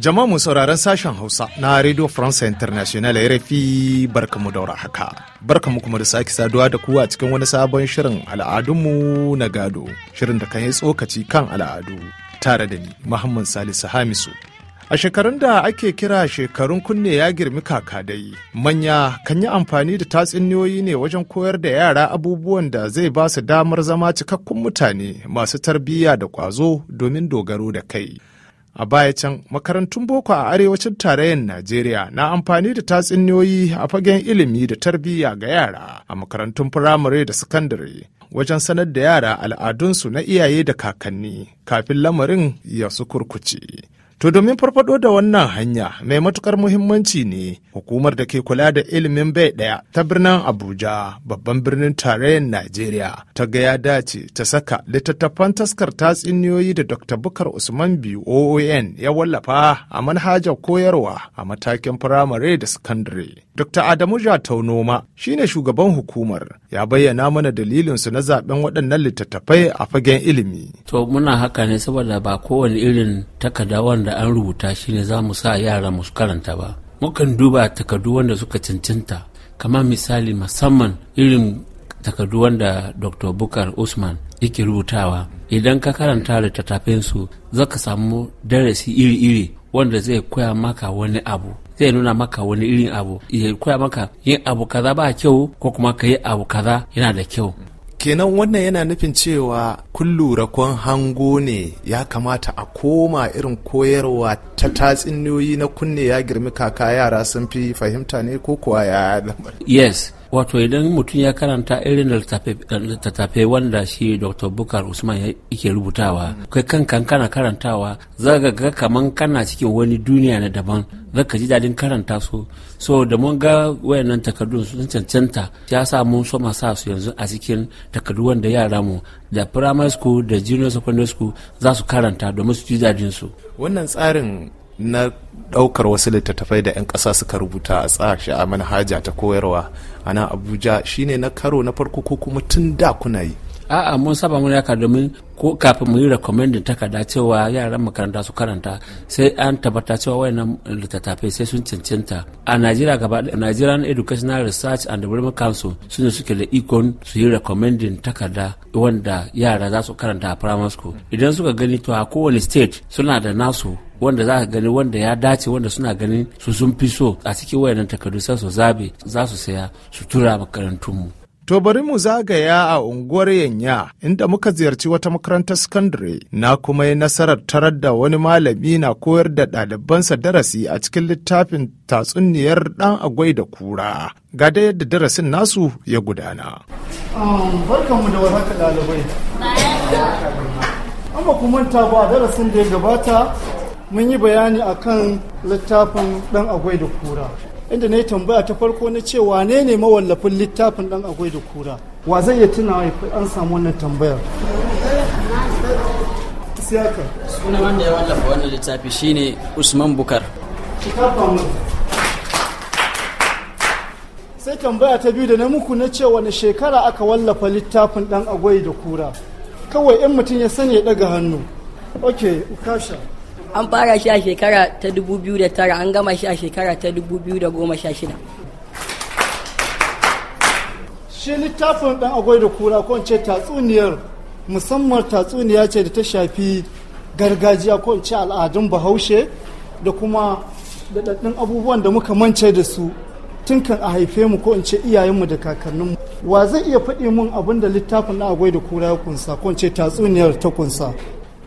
Jama'a mu sauraron sashen Hausa na Radio France International RFI barkamu daura haka. Barkamu kuma da sake saduwa da kuwa cikin wani sabon shirin al'adunmu na gado, shirin da kan yi tsokaci kan al'adu tare da ni Muhammad Salisu Hamisu. A shekarun da ake kira shekarun kunne ya girmi kaka kakadai, manya kan yi amfani da tatsuniyoyi ne wajen koyar da yara abubuwan da zai ba su damar zama cikakkun mutane masu tarbiyya da kwazo domin dogaro da kai. a baya can makarantun boko a arewacin tarayyar najeriya na amfani da tatsuniyoyi a fagen ilimi da tarbiyya ga yara a makarantun firamare da sakandare wajen sanar da yara al'adunsu na iyaye da kakanni kafin lamarin ya su kurkuce To domin farfado da wannan hanya mai matukar muhimmanci ne hukumar da ke kula da ilimin bai daya ta birnin Abuja babban birnin tarayyar Najeriya ta ga ya dace ta saka littattafan taskar tatsuniyoyi da Dr. Bukar Usman biyu OON ya wallafa a manhajar koyarwa a matakin firamare da sakandare. Dr. Adamu shi shine shugaban hukumar ya bayyana mana dalilinsu na zaben waɗannan littattafai a fagen ilimi. To muna haka ne saboda ba kowane irin takarda wanda da an rubuta shine za mu sa yara musu karanta ba mukan duba takardu wanda suka cancanta kamar misali musamman irin takardu wanda dr bukar usman yake rubutawa idan ka karanta littattafinsu za ka samu darasi iri-iri wanda zai koya maka wani abu zai nuna maka wani irin abu ya koya maka yin abu kaza ba kyau ko kuma ka yi abu kaza yana da kyau kenan wannan yana nufin cewa kullurakon rakon hango ne ya kamata a koma irin koyarwa ta tatsuniyoyi na kunne ya girmi kaka yara sun fi fahimta ne ko kuwa ya yes wato idan mutum ya karanta irin littattafai wanda shi dr bukar usman yake rubutawa kai kan kana karantawa za ka ga kaman kana cikin wani duniya na daban za ka ji dadin karanta su so da mun ga wayannan takardun sun cancanta ya sa mun so sa su yanzu a cikin takardu wanda yara mu da primary school da junior secondary school za su karanta domin su ji dadin su wannan tsarin na ɗaukar wasu littattafai da 'yan ƙasa suka rubuta a tsashi a manhaja ta koyarwa a nan abuja shine na karo na farko ko kuma tun da kuna yi a'a mun saba mun yaka domin ko kafin mu yi recommending takarda cewa yaran makaranta su karanta sai an tabbata cewa wayannan littattafai sai sun cancanta a Najeriya gaba Nigerian Educational Research and Development Council sun suke da ikon su yi recommending takarda wanda yara za su karanta a primary school idan suka gani to a kowane state suna da nasu wanda za ka gani wanda ya dace wanda suna ganin su sun fi so a cikin wayannan takardu sai su zabe za su saya su tura makarantunmu. To bari mu zagaya a unguwar Yanya inda muka ziyarci wata makarantar sakandare na kuma yi nasarar tarar da wani malami na koyar da ɗalibansa darasi a cikin littafin tatsuniyar ɗan agwai da kura. Ga da yadda darasin nasu ya gudana. Barkanmu da warhaka ɗalibai. Amma kuma ta ba darasin da ya gabata mun yi bayani akan littafin dan agwai da kura inda na yi tambaya ta farko na ce wane ne mawallafin littafin dan agwai da kura wa zai iya ya an samu wannan tambayar siyaka sunan wanda ya wallafa wannan littafi shine usman bukar sai tambaya ta biyu da na muku na ce wani shekara aka wallafa littafin dan agwai da kura kawai in mutum ya sani ya daga hannu ok ukasha an fara shi a shekara ta 2009 an gama shi a shekara ta 2016 shi littafin dan agwai da kura ko ce tatsuniyar musamman tatsuniya ce da ta shafi gargajiya ko ce al'adun bahaushe da kuma daɗaɗɗun abubuwan da muka mance da su tun kan a haife mu ko in ce iyayenmu da kakanninmu wa zai iya faɗi mun abin da littafin na agwai da kura ya kunsa ko in ce tatsuniyar ta kunsa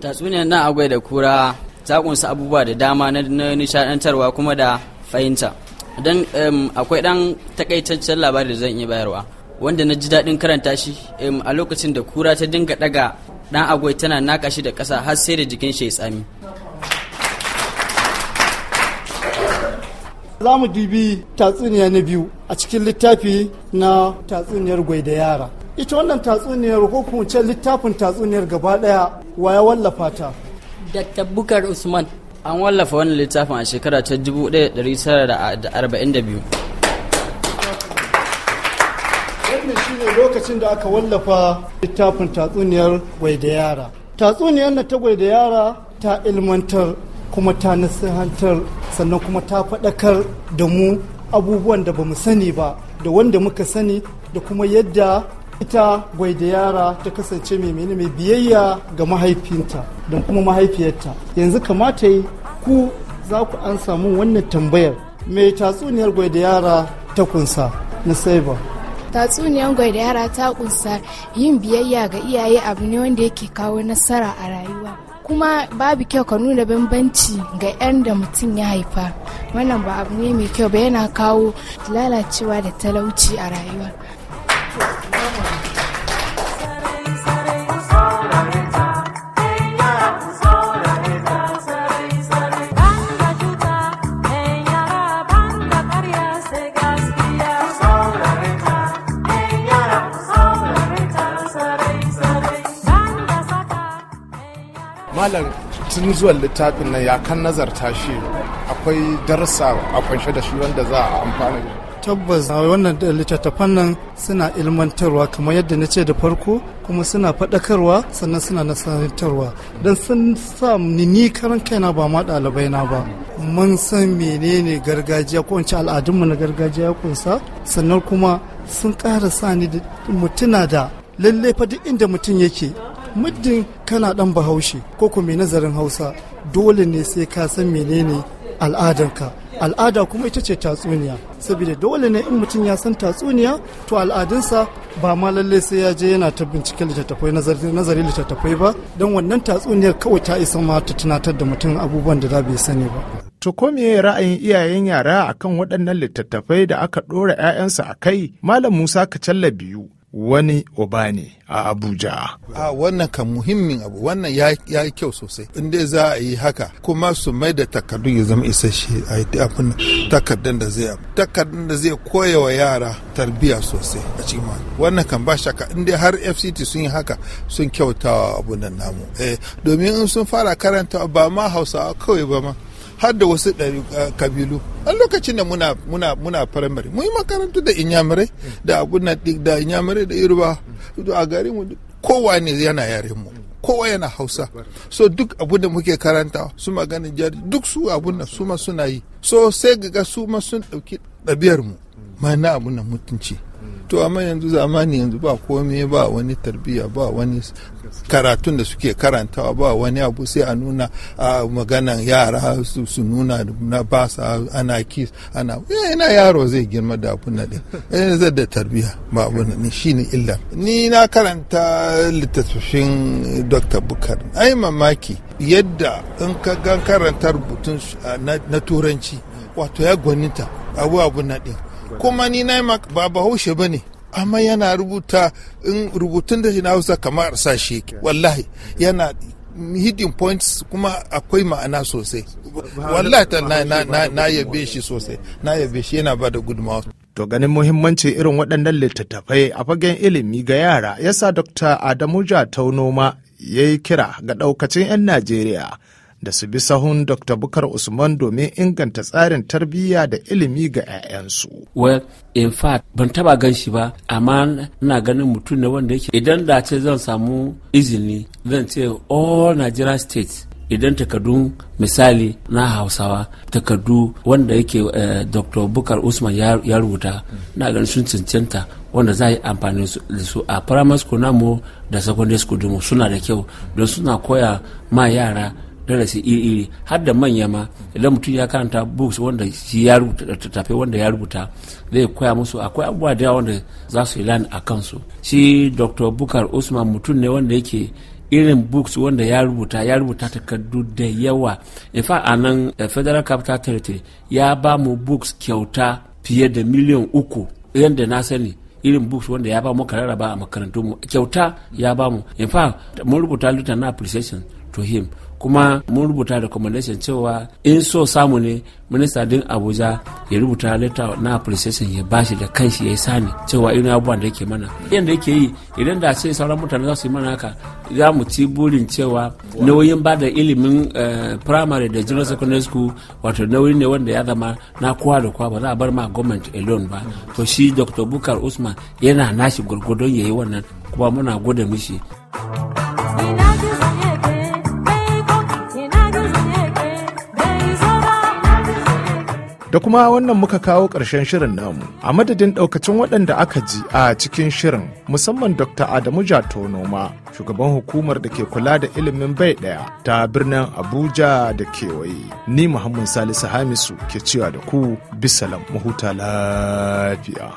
tatsuniyar na agwai da kura ta kunsa abubuwa da dama na nishadantarwa kuma da fahimta don akwai ɗan takaitaccen labari da zan iya bayarwa wanda na ji daɗin karanta shi a lokacin da kura ta dinga ɗaga ɗan agwai tana naka shi da ƙasa har sai da jikin shi ya tsami za mu dubi tatsuniya na biyu a cikin littafi na tatsuniyar gwai da yara ita wannan tatsuniyar ko kuma littafin tatsuniyar gaba daya ya wallafa ta Dr. Bukar Usman. An wallafa wannan littafin a shekara ta da 1942. Wannan shi ne lokacin da aka wallafa littafin tatsuniyar gwai da yara. Tatsuniyar na ta da yara ta ilmantar kuma ta nasihantar sannan kuma ta faɗakar da mu abubuwan da ba mu sani ba da wanda muka sani da kuma yadda ita yara ta kasance mai mai biyayya ga mahaifinta don kuma mahaifiyarta yanzu kamata yi ku za ku an samu wannan tambayar mai tatsuniyar gwaidayara ta kunsa na saiba tatsuniyar gwaidayara ta kunsa yin biyayya ga iyaye abu ne wanda yake kawo nasara a rayuwa kuma babu kyau ka nuna bambanci ga 'yan da mutum ya haifa wannan ba abu ne mai kyau ba yana kawo lalacewa da talauci a rayuwa malam tun zuwan littafin nan ya kan nazarta shi akwai darsa a kunshe da shi wanda za a amfana tabbas wannan littattafan nan suna ilmantarwa kamar yadda na ce da farko kuma suna faɗakarwa sannan suna nasarantarwa don sun sa ni karan kaina ba ma ɗalibai na ba mun san menene gargajiya ko wance al'adunmu na gargajiya ya kunsa sannan kuma sun ƙara sani ni da mutuna da lallai fa duk inda mutum yake muddin kana dan bahaushe ko kuma nazarin hausa dole ne sai ka san menene al'adarka al'ada kuma ita ce tatsuniya saboda dole ne in mutum ya san tatsuniya to al'adunsa ba ma lalle sai ya je yana ta bincike littattafai nazari littattafai ba don wannan tatsuniyar kawai ta isa ma ta tunatar da mutum abubuwan da za bai sani ba to ko me ra'ayin iyayen yara akan waɗannan littattafai da aka ɗora 'ya'yansa a kai malam musa kacalla biyu wani oba ne a abuja a wannan kan muhimmin abu wannan ya yi kyau sosai inda za a yi haka kuma su mai da takardun ya zama isasshe a yi abin takardun da zai takardun da zai koya wa yara tarbiyya sosai a cikin wannan kan ba shaka inda har fct sun yi haka sun kyautawa abunan nan namu eh domin in sun fara karanta ba ma hausawa kawai ba ma har da wasu kabilu a lokacin da muna muna muna firamare mun yi makarantu da inyamurai da abuna da inyamurai da yoruba a garin mu kowa ne yana yare mu kowa yana hausa so duk abun da muke karanta su maganin jari duk su abun su ma suna yi so sai ga su ma sun ɗauki ɗabiyar mu ma na abun mutunci to amma yanzu zamani yanzu ba komai ba wani tarbiyya ba wani karatun da suke karantawa ba wani abu sai a nuna a maganan yara su nuna na basa ana kis ana yana eh, yaro zai girma da abu na ɗin yana eh, zai da tarbiyya ba abu na ɗin shi ne illa ni na karanta littattafin dr bukar ai mamaki yadda in ka gan karanta rubutun na turanci wato ya gwaninta abu abu na ɗin kuma ni na ba bahaushe ba ne amma yana rubuta in rubutun da na hausa kamar sashe wallahi yana hidden points kuma akwai ma'ana sosai wallahi na yabe shi sosai na yabe shi yana ba da gudunmawa To ganin muhimmanci irin waɗannan littattafai a fagen ilimi ga yara yasa Dr. Adamu Jatau Noma ya yi kira ga ɗaukacin 'yan Najeriya da su bi sahun Dr. Bukar Usman domin inganta tsarin tarbiyya da ilimi ga 'ya'yansu. Well, in fact, ban taba gan shi ba, amma na ganin mutum ne wanda yake idan da ce zan samu izini zan ce all Nigeria states idan takardun misali na hausawa takardu wanda yake eh, dr bukar usman ya rubuta na ganin sun cancanta wanda za a yi amfani da su a primary school namu da secondary school suna da kyau don suna koya ma yara darasi iri-iri har da manya ma idan mutum ya karanta books wanda shi ya rubuta tafe wanda ya rubuta zai koya musu akwai abubuwa da wanda za su learn a kansu shi dr bukar usman mutum ne wanda yake irin books wanda ya rubuta ya rubuta takardu da yawa in fa a nan eh, federal capital territory ya ba mu books kyauta fiye da miliyan uku yadda na sani irin books wanda ya ba mu karara ba a makarantu mu kyauta ya ba mu in fa mun rubuta luta na appreciation to him kuma mun rubuta recommendation cewa in so samu ne minista din abuja ya rubuta leta na appreciation ya bashi da kanshi ya yi sani cewa irin abubuwan da yake mana yadda yake yi idan da ce sauran mutane za su yi mana haka za mu ci burin cewa nauyin ba da ilimin eh, primary da general secondary school wato nauyi ne wanda ya zama na kowa da kowa ba za a bar ma government alone ba to shi dr bukar usman yana nashi gwargwadon ya yi wannan kuma muna gode mishi da kuma wannan muka kawo ƙarshen shirin namu a madadin ɗaukacin waɗanda aka ji a cikin shirin musamman dr adamu jato noma shugaban hukumar da ke kula da ilimin bai ɗaya ta birnin abuja da kewaye ni muhammad salisu hamisu ke cewa da ku bisalam mahuta lafiya.